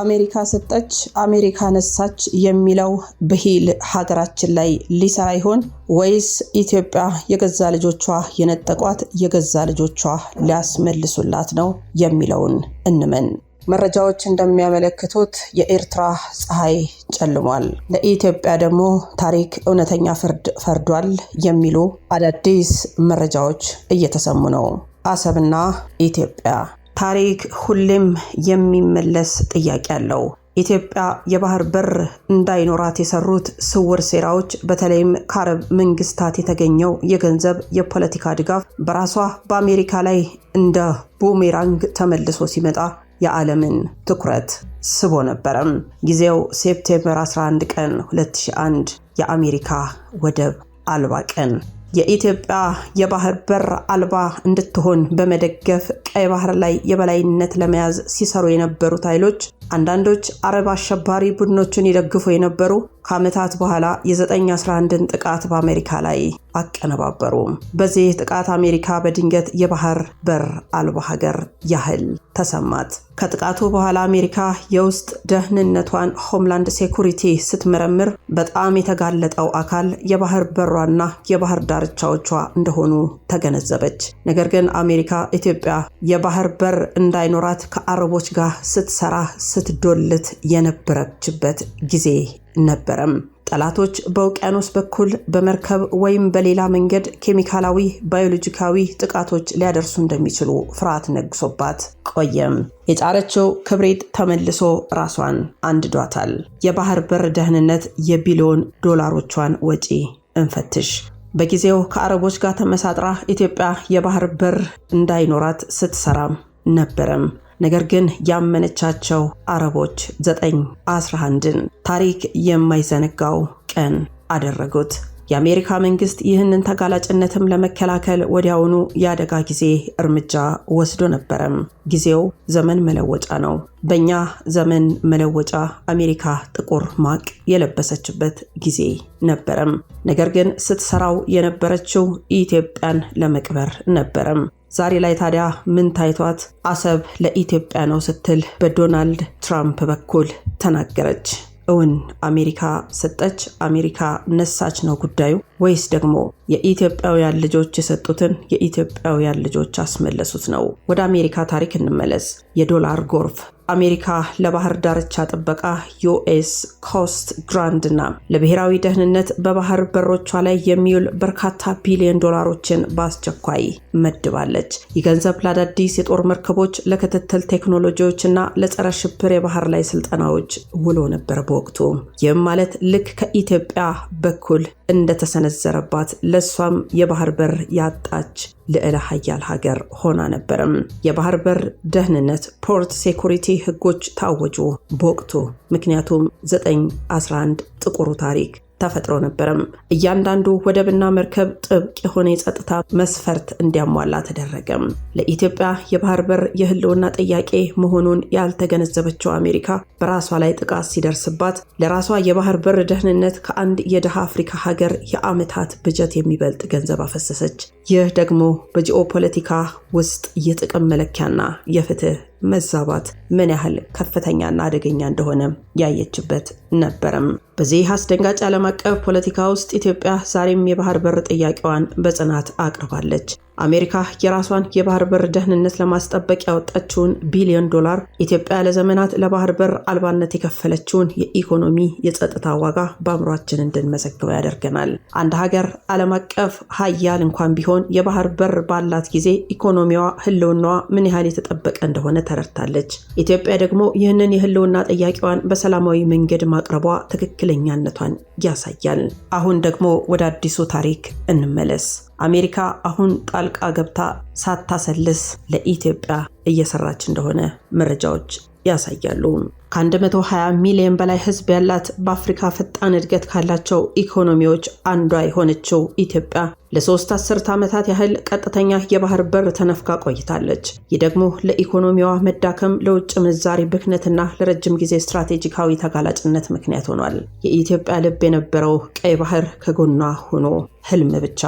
አሜሪካ ሰጠች አሜሪካ ነሳች የሚለው ብሂል ሀገራችን ላይ ሊሰራ ይሆን ወይስ ኢትዮጵያ የገዛ ልጆቿ የነጠቋት የገዛ ልጆቿ ሊያስመልሱላት ነው የሚለውን እንመን። መረጃዎች እንደሚያመለክቱት የኤርትራ ፀሐይ ጨልሟል፣ ለኢትዮጵያ ደግሞ ታሪክ እውነተኛ ፍርድ ፈርዷል የሚሉ አዳዲስ መረጃዎች እየተሰሙ ነው። አሰብና ኢትዮጵያ ታሪክ ሁሌም የሚመለስ ጥያቄ አለው። ኢትዮጵያ የባህር በር እንዳይኖራት የሰሩት ስውር ሴራዎች በተለይም ከአረብ መንግስታት የተገኘው የገንዘብ የፖለቲካ ድጋፍ በራሷ በአሜሪካ ላይ እንደ ቡሜራንግ ተመልሶ ሲመጣ የዓለምን ትኩረት ስቦ ነበረም። ጊዜው ሴፕቴምበር 11 ቀን 2001 የአሜሪካ ወደብ አልባ ቀን የኢትዮጵያ የባህር በር አልባ እንድትሆን በመደገፍ ቀይ ባህር ላይ የበላይነት ለመያዝ ሲሰሩ የነበሩት ኃይሎች አንዳንዶች አረብ አሸባሪ ቡድኖችን ይደግፉ የነበሩ ከዓመታት በኋላ የ911ን ጥቃት በአሜሪካ ላይ አቀነባበሩ። በዚህ ጥቃት አሜሪካ በድንገት የባህር በር አልባ ሀገር ያህል ተሰማት። ከጥቃቱ በኋላ አሜሪካ የውስጥ ደህንነቷን ሆምላንድ ሴኩሪቲ ስትመረምር በጣም የተጋለጠው አካል የባህር በሯና የባህር ዳርቻዎቿ እንደሆኑ ተገነዘበች። ነገር ግን አሜሪካ ኢትዮጵያ የባህር በር እንዳይኖራት ከአረቦች ጋር ስትሰራ ስትዶልት የነበረችበት ጊዜ ነበረም። ጠላቶች በውቅያኖስ በኩል በመርከብ ወይም በሌላ መንገድ ኬሚካላዊ፣ ባዮሎጂካዊ ጥቃቶች ሊያደርሱ እንደሚችሉ ፍርሃት ነግሶባት ቆየም። የጫረችው ክብሪት ተመልሶ ራሷን አንድዷታል። የባህር በር ደህንነት የቢሊዮን ዶላሮቿን ወጪ እንፈትሽ። በጊዜው ከአረቦች ጋር ተመሳጥራ ኢትዮጵያ የባህር በር እንዳይኖራት ስትሰራም ነበረም። ነገር ግን ያመነቻቸው አረቦች 911ን ታሪክ የማይዘነጋው ቀን አደረጉት። የአሜሪካ መንግስት ይህንን ተጋላጭነትም ለመከላከል ወዲያውኑ የአደጋ ጊዜ እርምጃ ወስዶ ነበረም። ጊዜው ዘመን መለወጫ ነው። በእኛ ዘመን መለወጫ አሜሪካ ጥቁር ማቅ የለበሰችበት ጊዜ ነበረም። ነገር ግን ስትሰራው የነበረችው ኢትዮጵያን ለመቅበር ነበረም። ዛሬ ላይ ታዲያ ምን ታይቷት አሰብ ለኢትዮጵያ ነው ስትል በዶናልድ ትራምፕ በኩል ተናገረች። እውን አሜሪካ ሰጠች፣ አሜሪካ ነሳች ነው ጉዳዩ ወይስ ደግሞ የኢትዮጵያውያን ልጆች የሰጡትን የኢትዮጵያውያን ልጆች አስመለሱት ነው? ወደ አሜሪካ ታሪክ እንመለስ። የዶላር ጎርፍ አሜሪካ ለባህር ዳርቻ ጥበቃ ዩኤስ ኮስት ግራንድ እና ለብሔራዊ ደህንነት በባህር በሮቿ ላይ የሚውል በርካታ ቢሊዮን ዶላሮችን በአስቸኳይ መድባለች። ይህ ገንዘብ ለአዳዲስ የጦር መርከቦች፣ ለክትትል ቴክኖሎጂዎች እና ለጸረ ሽብር የባህር ላይ ስልጠናዎች ውሎ ነበር በወቅቱ። ይህም ማለት ልክ ከኢትዮጵያ በኩል እንደተሰነዘረባት ለእሷም የባህር በር ያጣች ልዕለ ሀያል ሀገር ሆና ነበርም። የባህር በር ደህንነት ፖርት ሴኩሪቲ ህጎች ታወጁ በወቅቱ ምክንያቱም 911 ጥቁሩ ታሪክ ተፈጥሮ ነበረም። እያንዳንዱ ወደብና መርከብ ጥብቅ የሆነ የጸጥታ መስፈርት እንዲያሟላ ተደረገም። ለኢትዮጵያ የባህር በር የህልውና ጥያቄ መሆኑን ያልተገነዘበችው አሜሪካ በራሷ ላይ ጥቃት ሲደርስባት ለራሷ የባህር በር ደህንነት ከአንድ የድሃ አፍሪካ ሀገር የዓመታት ብጀት የሚበልጥ ገንዘብ አፈሰሰች። ይህ ደግሞ በጂኦፖለቲካ ውስጥ የጥቅም መለኪያና የፍትህ መዛባት ምን ያህል ከፍተኛና አደገኛ እንደሆነ ያየችበት ነበረም። በዚህ አስደንጋጭ ዓለም አቀፍ ፖለቲካ ውስጥ ኢትዮጵያ ዛሬም የባህር በር ጥያቄዋን በጽናት አቅርባለች። አሜሪካ የራሷን የባህር በር ደህንነት ለማስጠበቅ ያወጣችውን ቢሊዮን ዶላር ኢትዮጵያ ለዘመናት ለባህር በር አልባነት የከፈለችውን የኢኮኖሚ የጸጥታ ዋጋ በአእምሯችን እንድንመዘግበው ያደርገናል። አንድ ሀገር ዓለም አቀፍ ሀያል እንኳን ቢሆን የባህር በር ባላት ጊዜ ኢኮኖሚዋ፣ ህልውናዋ ምን ያህል የተጠበቀ እንደሆነ ተረድታለች። ኢትዮጵያ ደግሞ ይህንን የህልውና ጥያቄዋን በሰላማዊ መንገድ ማቅረቧ ትክክለኛነቷን ያሳያል። አሁን ደግሞ ወደ አዲሱ ታሪክ እንመለስ። አሜሪካ አሁን ጣልቃ ገብታ ሳታሰልስ ለኢትዮጵያ እየሰራች እንደሆነ መረጃዎች ያሳያሉ። ከ120 ሚሊዮን በላይ ሕዝብ ያላት በአፍሪካ ፈጣን እድገት ካላቸው ኢኮኖሚዎች አንዷ የሆነችው ኢትዮጵያ ለሶስት አስርት ዓመታት ያህል ቀጥተኛ የባህር በር ተነፍጋ ቆይታለች። ይህ ደግሞ ለኢኮኖሚዋ መዳከም፣ ለውጭ ምንዛሪ ብክነትና ለረጅም ጊዜ ስትራቴጂካዊ ተጋላጭነት ምክንያት ሆኗል። የኢትዮጵያ ልብ የነበረው ቀይ ባህር ከጎኗ ሆኖ ህልም ብቻ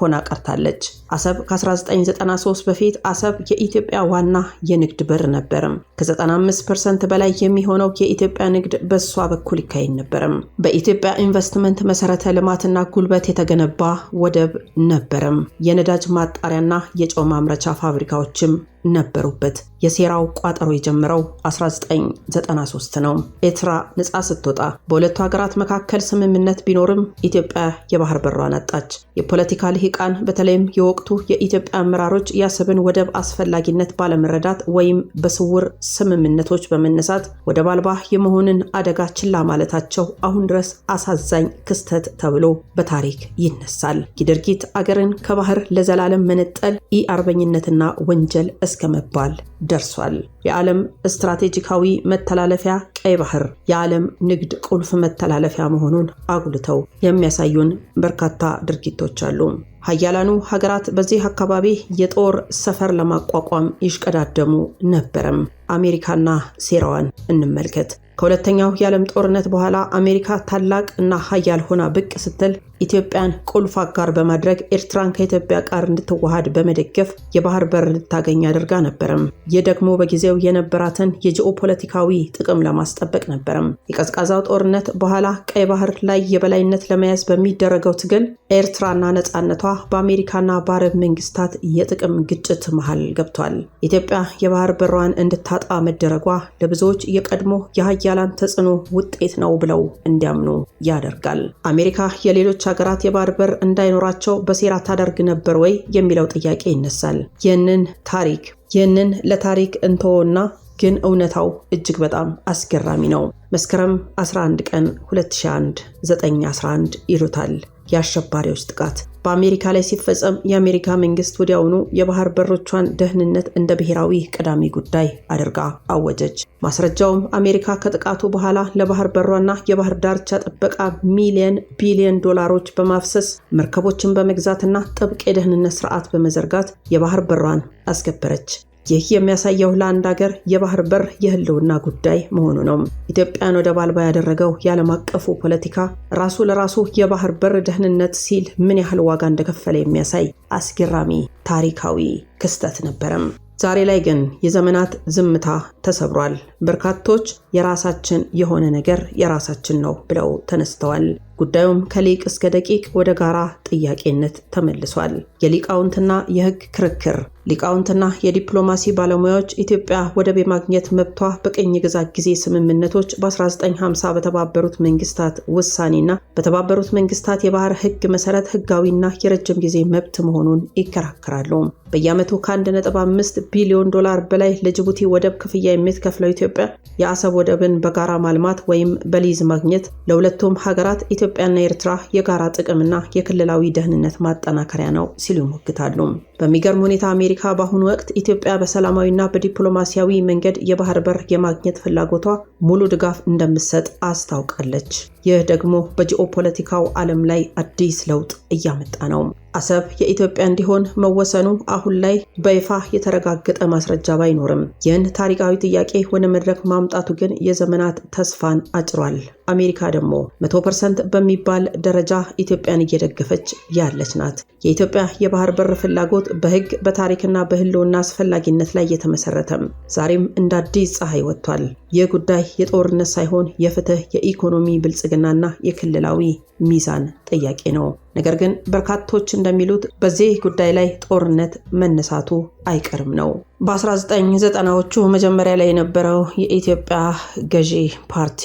ሆና ቀርታለች። አሰብ ከ1993 በፊት አሰብ የኢትዮጵያ ዋና የንግድ በር ነበርም። ከ95 ፐርሰንት በላይ የሚሆነው የኢትዮጵያ ንግድ በሷ በኩል ይካሄድ ነበርም። በኢትዮጵያ ኢንቨስትመንት መሰረተ ልማትና ጉልበት የተገነባ ወደብ ነበርም። የነዳጅ ማጣሪያና የጨው ማምረቻ ፋብሪካዎችም ነበሩበት። የሴራው ቋጠሮ የጀመረው 1993 ነው። ኤርትራ ነፃ ስትወጣ በሁለቱ ሀገራት መካከል ስምምነት ቢኖርም ኢትዮጵያ የባህር በሯን አጣች። የፖለቲካ ልሂቃን በተለይም የወቅቱ የኢትዮጵያ አመራሮች የአሰብን ወደብ አስፈላጊነት ባለመረዳት ወይም በስውር ስምምነቶች በመነሳት ወደብ አልባ የመሆንን አደጋ ችላ ማለታቸው አሁን ድረስ አሳዛኝ ክስተት ተብሎ በታሪክ ይነሳል። ይህ ድርጊት አገርን ከባህር ለዘላለም መነጠል ኢ አርበኝነትና ወንጀል እስከ መባል ደርሷል። የዓለም ስትራቴጂካዊ መተላለፊያ ቀይ ባህር የዓለም ንግድ ቁልፍ መተላለፊያ መሆኑን አጉልተው የሚያሳዩን በርካታ ድርጊቶች አሉ። ሀያላኑ ሀገራት በዚህ አካባቢ የጦር ሰፈር ለማቋቋም ይሽቀዳደሙ ነበረም። አሜሪካና ሴራዋን እንመልከት። ከሁለተኛው የዓለም ጦርነት በኋላ አሜሪካ ታላቅ እና ሀያል ሆና ብቅ ስትል ኢትዮጵያን ቁልፍ አጋር በማድረግ ኤርትራን ከኢትዮጵያ ጋር እንድትዋሃድ በመደገፍ የባህር በር እንድታገኝ አድርጋ ነበርም። ይህ ደግሞ በጊዜው የነበራትን የጂኦፖለቲካዊ ጥቅም ለማስጠበቅ ነበርም። የቀዝቃዛው ጦርነት በኋላ ቀይ ባህር ላይ የበላይነት ለመያዝ በሚደረገው ትግል ኤርትራና ነፃነቷ በአሜሪካና በአረብ መንግስታት የጥቅም ግጭት መሃል ገብቷል። ኢትዮጵያ የባህር በሯን እንድታጣ መደረጓ ለብዙዎች የቀድሞ የሀያላን ተጽዕኖ ውጤት ነው ብለው እንዲያምኑ ያደርጋል። አሜሪካ የሌሎች ሀገራት የባህር በር እንዳይኖራቸው በሴራ ታደርግ ነበር ወይ የሚለው ጥያቄ ይነሳል። ይህንን ታሪክ ይህንን ለታሪክ እንተወና ግን እውነታው እጅግ በጣም አስገራሚ ነው። መስከረም 11 ቀን 2001 911 ይሉታል። የአሸባሪዎች ጥቃት በአሜሪካ ላይ ሲፈጸም የአሜሪካ መንግስት ወዲያውኑ የባህር በሮቿን ደህንነት እንደ ብሔራዊ ቀዳሚ ጉዳይ አድርጋ አወጀች። ማስረጃውም አሜሪካ ከጥቃቱ በኋላ ለባህር በሯና የባህር ዳርቻ ጥበቃ ሚሊየን ቢሊየን ዶላሮች በማፍሰስ መርከቦችን በመግዛትና ጥብቅ የደህንነት ስርዓት በመዘርጋት የባህር በሯን አስከበረች። ይህ የሚያሳየው ለአንድ ሀገር የባህር በር የህልውና ጉዳይ መሆኑ ነው። ኢትዮጵያን ወደብ አልባ ያደረገው የዓለም አቀፉ ፖለቲካ ራሱ ለራሱ የባህር በር ደህንነት ሲል ምን ያህል ዋጋ እንደከፈለ የሚያሳይ አስገራሚ ታሪካዊ ክስተት ነበረም። ዛሬ ላይ ግን የዘመናት ዝምታ ተሰብሯል። በርካቶች የራሳችን የሆነ ነገር የራሳችን ነው ብለው ተነስተዋል። ጉዳዩም ከሊቅ እስከ ደቂቅ ወደ ጋራ ጥያቄነት ተመልሷል። የሊቃውንትና የህግ ክርክር ሊቃውንትና የዲፕሎማሲ ባለሙያዎች ኢትዮጵያ ወደብ የማግኘት መብቷ በቅኝ ግዛት ጊዜ ስምምነቶች በ1950 በተባበሩት መንግስታት ውሳኔና በተባበሩት መንግስታት የባህር ህግ መሰረት ህጋዊና የረጅም ጊዜ መብት መሆኑን ይከራከራሉ። በየዓመቱ ከ1.5 ቢሊዮን ዶላር በላይ ለጅቡቲ ወደብ ክፍያ የምትከፍለው ኢትዮጵያ የአሰብ ወደብን በጋራ ማልማት ወይም በሊዝ ማግኘት ለሁለቱም ሀገራት የኢትዮጵያና ኤርትራ የጋራ ጥቅምና የክልላዊ ደህንነት ማጠናከሪያ ነው ሲሉ ይሞግታሉ። በሚገርም ሁኔታ አሜሪካ በአሁኑ ወቅት ኢትዮጵያ በሰላማዊና በዲፕሎማሲያዊ መንገድ የባህር በር የማግኘት ፍላጎቷ ሙሉ ድጋፍ እንደምትሰጥ አስታውቃለች። ይህ ደግሞ በጂኦፖለቲካው ዓለም ላይ አዲስ ለውጥ እያመጣ ነው። አሰብ የኢትዮጵያ እንዲሆን መወሰኑ አሁን ላይ በይፋ የተረጋገጠ ማስረጃ ባይኖርም ይህን ታሪካዊ ጥያቄ ወደ መድረክ ማምጣቱ ግን የዘመናት ተስፋን አጭሯል። አሜሪካ ደግሞ መቶ ፐርሰንት በሚባል ደረጃ ኢትዮጵያን እየደገፈች ያለች ናት። የኢትዮጵያ የባህር በር ፍላጎት በሕግ በታሪክና በህልውና አስፈላጊነት ላይ የተመሰረተም ዛሬም እንደ አዲስ ፀሐይ ወጥቷል። ይህ ጉዳይ የጦርነት ሳይሆን የፍትህ፣ የኢኮኖሚ ብልጽግናና የክልላዊ ሚዛን ጥያቄ ነው። ነገር ግን በርካቶች እንደሚሉት በዚህ ጉዳይ ላይ ጦርነት መነሳቱ አይቀርም ነው። በ1990ዎቹ መጀመሪያ ላይ የነበረው የኢትዮጵያ ገዢ ፓርቲ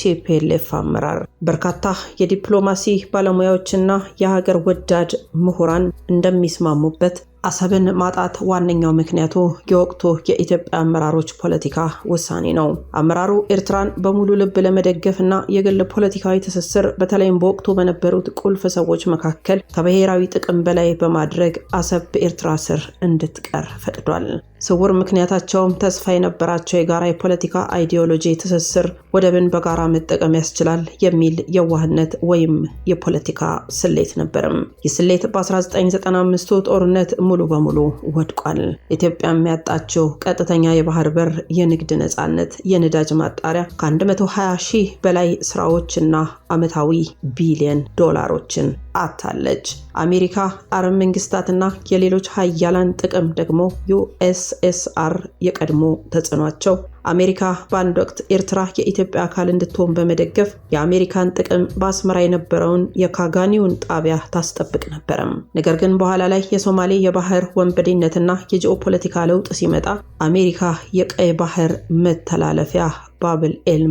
ቲፒኤልኤፍ አመራር በርካታ የዲፕሎማሲ ባለሙያዎችና የሀገር ወዳድ ምሁራን እንደሚስማሙበት አሰብን ማጣት ዋነኛው ምክንያቱ የወቅቱ የኢትዮጵያ አመራሮች ፖለቲካ ውሳኔ ነው። አመራሩ ኤርትራን በሙሉ ልብ ለመደገፍ እና የግል ፖለቲካዊ ትስስር በተለይም በወቅቱ በነበሩት ቁልፍ ሰዎች መካከል ከብሔራዊ ጥቅም በላይ በማድረግ አሰብ በኤርትራ ስር እንድትቀር ፈቅዷል። ስውር ምክንያታቸውም ተስፋ የነበራቸው የጋራ የፖለቲካ አይዲዮሎጂ ትስስር ወደብን በጋራ መጠቀም ያስችላል የሚል የዋህነት ወይም የፖለቲካ ስሌት ነበርም። ይህ ስሌት በ1995 ጦርነት ሙሉ በሙሉ ወድቋል። ኢትዮጵያ የሚያጣቸው ቀጥተኛ የባህር በር፣ የንግድ ነጻነት፣ የነዳጅ ማጣሪያ፣ ከ120 ሺህ በላይ ስራዎችና ዓመታዊ ቢሊዮን ዶላሮችን አታለች። አሜሪካ፣ አረብ መንግስታትና የሌሎች ሀያላን ጥቅም ደግሞ ዩኤስኤስአር የቀድሞ ተጽዕኗቸው አሜሪካ በአንድ ወቅት ኤርትራ የኢትዮጵያ አካል እንድትሆን በመደገፍ የአሜሪካን ጥቅም በአስመራ የነበረውን የካጋኒውን ጣቢያ ታስጠብቅ ነበረም። ነገር ግን በኋላ ላይ የሶማሌ የባህር ወንበዴነትና የጂኦፖለቲካ ለውጥ ሲመጣ አሜሪካ የቀይ ባህር መተላለፊያ ባብል ኤል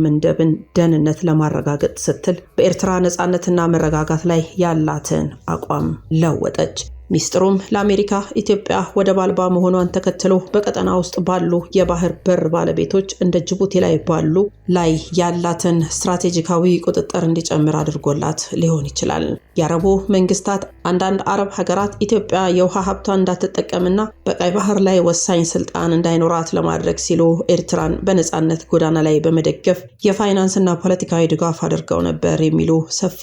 ደህንነት ለማረጋገጥ ስትል በኤርትራ ነፃነትና መረጋጋት ላይ ያላትን አቋም ለወጠች። ሚስጥሩም ለአሜሪካ ኢትዮጵያ ወደብ አልባ መሆኗን ተከትሎ በቀጠና ውስጥ ባሉ የባህር በር ባለቤቶች እንደ ጅቡቲ ላይ ባሉ ላይ ያላትን ስትራቴጂካዊ ቁጥጥር እንዲጨምር አድርጎላት ሊሆን ይችላል። የአረቡ መንግስታት አንዳንድ አረብ ሀገራት ኢትዮጵያ የውሃ ሀብቷን እንዳትጠቀምና በቀይ ባህር ላይ ወሳኝ ስልጣን እንዳይኖራት ለማድረግ ሲሉ ኤርትራን በነፃነት ጎዳና ላይ በመደገፍ የፋይናንስና ፖለቲካዊ ድጋፍ አድርገው ነበር የሚሉ ሰፊ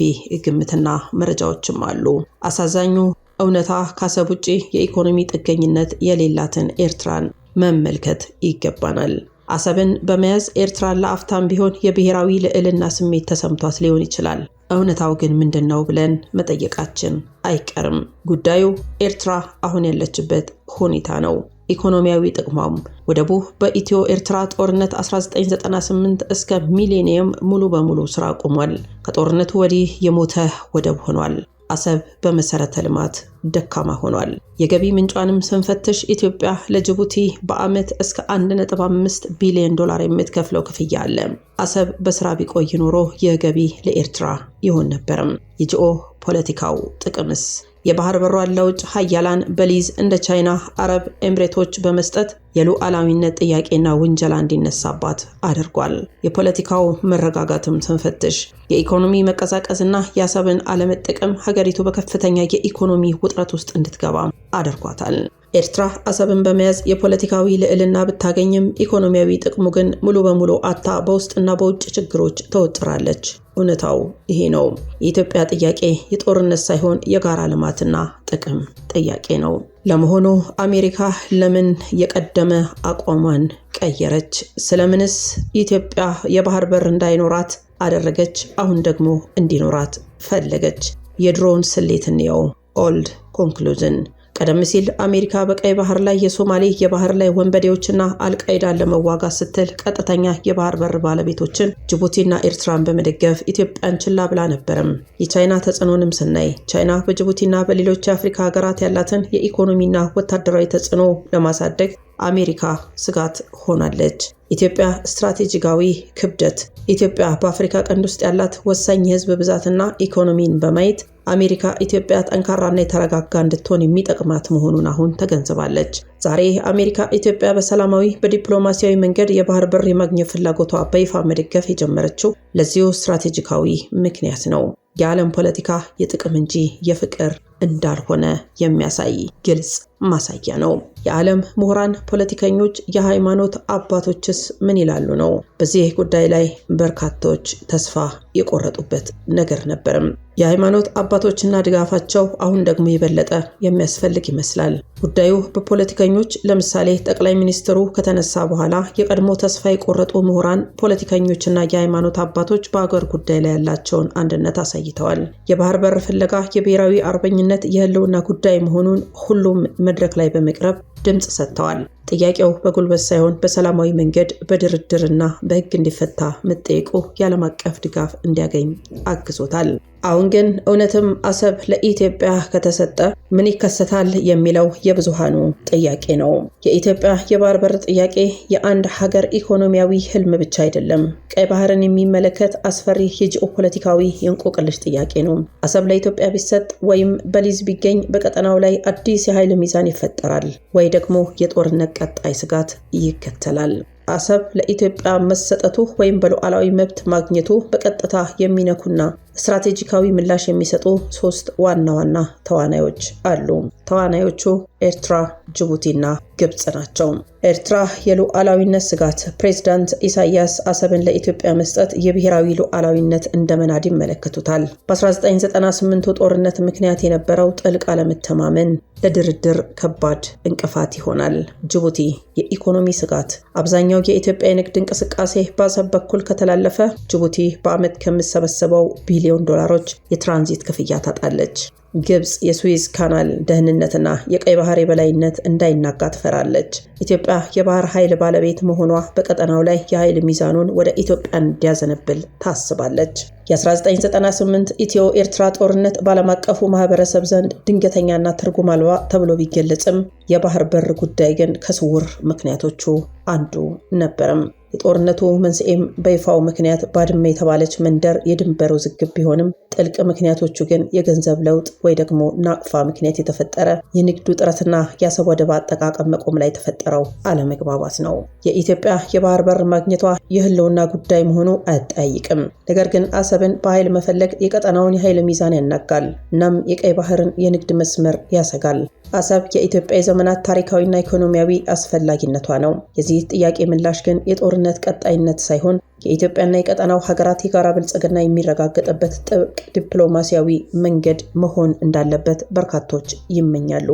ግምትና መረጃዎችም አሉ። አሳዛኙ እውነታ ከአሰብ ውጪ የኢኮኖሚ ጥገኝነት የሌላትን ኤርትራን መመልከት ይገባናል። አሰብን በመያዝ ኤርትራ ለአፍታም ቢሆን የብሔራዊ ልዕልና ስሜት ተሰምቷት ሊሆን ይችላል። እውነታው ግን ምንድን ነው ብለን መጠየቃችን አይቀርም። ጉዳዩ ኤርትራ አሁን ያለችበት ሁኔታ ነው። ኢኮኖሚያዊ ጥቅሟም ወደቡ በኢትዮ ኤርትራ ጦርነት 1998 እስከ ሚሌኒየም ሙሉ በሙሉ ስራ ቆሟል። ከጦርነቱ ወዲህ የሞተ ወደብ ሆኗል። አሰብ በመሰረተ ልማት ደካማ ሆኗል። የገቢ ምንጯንም ስንፈትሽ ኢትዮጵያ ለጅቡቲ በዓመት እስከ 1.5 ቢሊዮን ዶላር የምትከፍለው ክፍያ አለ። አሰብ በስራ ቢቆይ ኖሮ ይህ ገቢ ለኤርትራ ይሆን ነበርም። የጂኦ ፖለቲካው ጥቅምስ የባህር በሯን ለውጭ ሀያላን በሊዝ እንደ ቻይና፣ አረብ ኤምሬቶች በመስጠት የሉዓላዊነት ጥያቄና ውንጀላ እንዲነሳባት አድርጓል። የፖለቲካው መረጋጋትም ስንፈትሽ የኢኮኖሚ መቀዛቀዝና የአሰብን አለመጠቀም ሀገሪቱ በከፍተኛ የኢኮኖሚ ውጥረት ውስጥ እንድትገባ አድርጓታል። ኤርትራ አሰብን በመያዝ የፖለቲካዊ ልዕልና ብታገኝም ኢኮኖሚያዊ ጥቅሙ ግን ሙሉ በሙሉ አታ በውስጥና በውጭ ችግሮች ተወጥራለች። እውነታው ይሄ ነው። የኢትዮጵያ ጥያቄ የጦርነት ሳይሆን የጋራ ልማትና ጥቅም ጥያቄ ነው። ለመሆኑ አሜሪካ ለምን የቀደመ አቋሟን ቀየረች? ስለምንስ ኢትዮጵያ የባህር በር እንዳይኖራት አደረገች? አሁን ደግሞ እንዲኖራት ፈለገች? የድሮውን ስሌት እንየው። ኦልድ ኮንክሉዥን ቀደም ሲል አሜሪካ በቀይ ባህር ላይ የሶማሌ የባህር ላይ ወንበዴዎችና አልቃይዳን ለመዋጋት ስትል ቀጥተኛ የባህር በር ባለቤቶችን ጅቡቲና ኤርትራን በመደገፍ ኢትዮጵያን ችላ ብላ ነበርም። የቻይና ተጽዕኖንም ስናይ ቻይና በጅቡቲና በሌሎች የአፍሪካ ሀገራት ያላትን የኢኮኖሚና ወታደራዊ ተጽዕኖ ለማሳደግ አሜሪካ ስጋት ሆናለች። ኢትዮጵያ ስትራቴጂካዊ ክብደት ኢትዮጵያ በአፍሪካ ቀንድ ውስጥ ያላት ወሳኝ የህዝብ ብዛትና ኢኮኖሚን በማየት አሜሪካ ኢትዮጵያ ጠንካራና የተረጋጋ እንድትሆን የሚጠቅማት መሆኑን አሁን ተገንዝባለች። ዛሬ አሜሪካ ኢትዮጵያ በሰላማዊ በዲፕሎማሲያዊ መንገድ የባህር በር የማግኘት ፍላጎቷ በይፋ መደገፍ የጀመረችው ለዚሁ ስትራቴጂካዊ ምክንያት ነው። የዓለም ፖለቲካ የጥቅም እንጂ የፍቅር እንዳልሆነ የሚያሳይ ግልጽ ማሳያ ነው። የዓለም ምሁራን፣ ፖለቲከኞች፣ የሃይማኖት አባቶችስ ምን ይላሉ ነው? በዚህ ጉዳይ ላይ በርካቶች ተስፋ የቆረጡበት ነገር ነበርም። የሃይማኖት አባቶችና ድጋፋቸው አሁን ደግሞ የበለጠ የሚያስፈልግ ይመስላል። ጉዳዩ በፖለቲከኞች ለምሳሌ ጠቅላይ ሚኒስትሩ ከተነሳ በኋላ የቀድሞ ተስፋ የቆረጡ ምሁራን፣ ፖለቲከኞችና የሃይማኖት አባቶች በአገር ጉዳይ ላይ ያላቸውን አንድነት አሳይተዋል። የባህር በር ፍለጋ የብሔራዊ አርበኝነት የህልውና ጉዳይ መሆኑን ሁሉም መድረክ ላይ በመቅረብ ድምፅ ሰጥተዋል። ጥያቄው በጉልበት ሳይሆን በሰላማዊ መንገድ በድርድርና በሕግ እንዲፈታ መጠየቁ የዓለም አቀፍ ድጋፍ እንዲያገኝ አግዞታል። አሁን ግን እውነትም አሰብ ለኢትዮጵያ ከተሰጠ ምን ይከሰታል የሚለው የብዙሃኑ ጥያቄ ነው። የኢትዮጵያ የባህር በር ጥያቄ የአንድ ሀገር ኢኮኖሚያዊ ህልም ብቻ አይደለም። ቀይ ባህርን የሚመለከት አስፈሪ የጂኦ ፖለቲካዊ የእንቆቅልሽ ጥያቄ ነው። አሰብ ለኢትዮጵያ ቢሰጥ ወይም በሊዝ ቢገኝ በቀጠናው ላይ አዲስ የኃይል ሚዛን ይፈጠራል፣ ወይ ደግሞ የጦርነት ቀጣይ ስጋት ይከተላል። አሰብ ለኢትዮጵያ መሰጠቱ ወይም በሉዓላዊ መብት ማግኘቱ በቀጥታ የሚነኩና ስትራቴጂካዊ ምላሽ የሚሰጡ ሶስት ዋና ዋና ተዋናዮች አሉ። ተዋናዮቹ ኤርትራ፣ ጅቡቲና ግብጽ ናቸው። ኤርትራ የሉዓላዊነት ስጋት ፕሬዝዳንት ኢሳያስ አሰብን ለኢትዮጵያ መስጠት የብሔራዊ ሉዓላዊነት እንደመናድ ይመለከቱታል። 1998 ጦርነት ምክንያት የነበረው ጥልቅ አለመተማመን ለድርድር ከባድ እንቅፋት ይሆናል። ጅቡቲ የኢኮኖሚ ስጋት፣ አብዛኛው የኢትዮጵያ የንግድ እንቅስቃሴ በአሰብ በኩል ከተላለፈ ጅቡቲ በዓመት ከምትሰበሰበው ቢ ቢሊዮን ዶላሮች የትራንዚት ክፍያ ታጣለች። ግብፅ የስዊዝ ካናል ደህንነትና የቀይ ባህር የበላይነት እንዳይናጋ ትፈራለች። ኢትዮጵያ የባህር ኃይል ባለቤት መሆኗ በቀጠናው ላይ የኃይል ሚዛኑን ወደ ኢትዮጵያ እንዲያዘነብል ታስባለች። የ1998 ኢትዮ ኤርትራ ጦርነት በዓለም አቀፉ ማህበረሰብ ዘንድ ድንገተኛና ትርጉም አልባ ተብሎ ቢገለጽም የባህር በር ጉዳይ ግን ከስውር ምክንያቶቹ አንዱ ነበረም። የጦርነቱ መንስኤም በይፋው ምክንያት ባድመ የተባለች መንደር የድንበር ውዝግብ ቢሆንም ጥልቅ ምክንያቶቹ ግን የገንዘብ ለውጥ ወይ ደግሞ ናቅፋ ምክንያት የተፈጠረ የንግዱ ጥረትና የአሰብ ወደብ አጠቃቀም መቆም ላይ የተፈጠረው አለመግባባት ነው። የኢትዮጵያ የባህር በር ማግኘቷ የህልውና ጉዳይ መሆኑ አያጠያይቅም። ነገር ግን አሰብን በኃይል መፈለግ የቀጠናውን የኃይል ሚዛን ያናጋል። እናም የቀይ ባህርን የንግድ መስመር ያሰጋል። አሰብ የኢትዮጵያ የዘመናት ታሪካዊና ኢኮኖሚያዊ አስፈላጊነቷ ነው። የዚህ ጥያቄ ምላሽ ግን የጦርነት ቀጣይነት ሳይሆን የኢትዮጵያና የቀጠናው ሀገራት የጋራ ብልጽግና የሚረጋገጥበት ጥብቅ ዲፕሎማሲያዊ መንገድ መሆን እንዳለበት በርካቶች ይመኛሉ።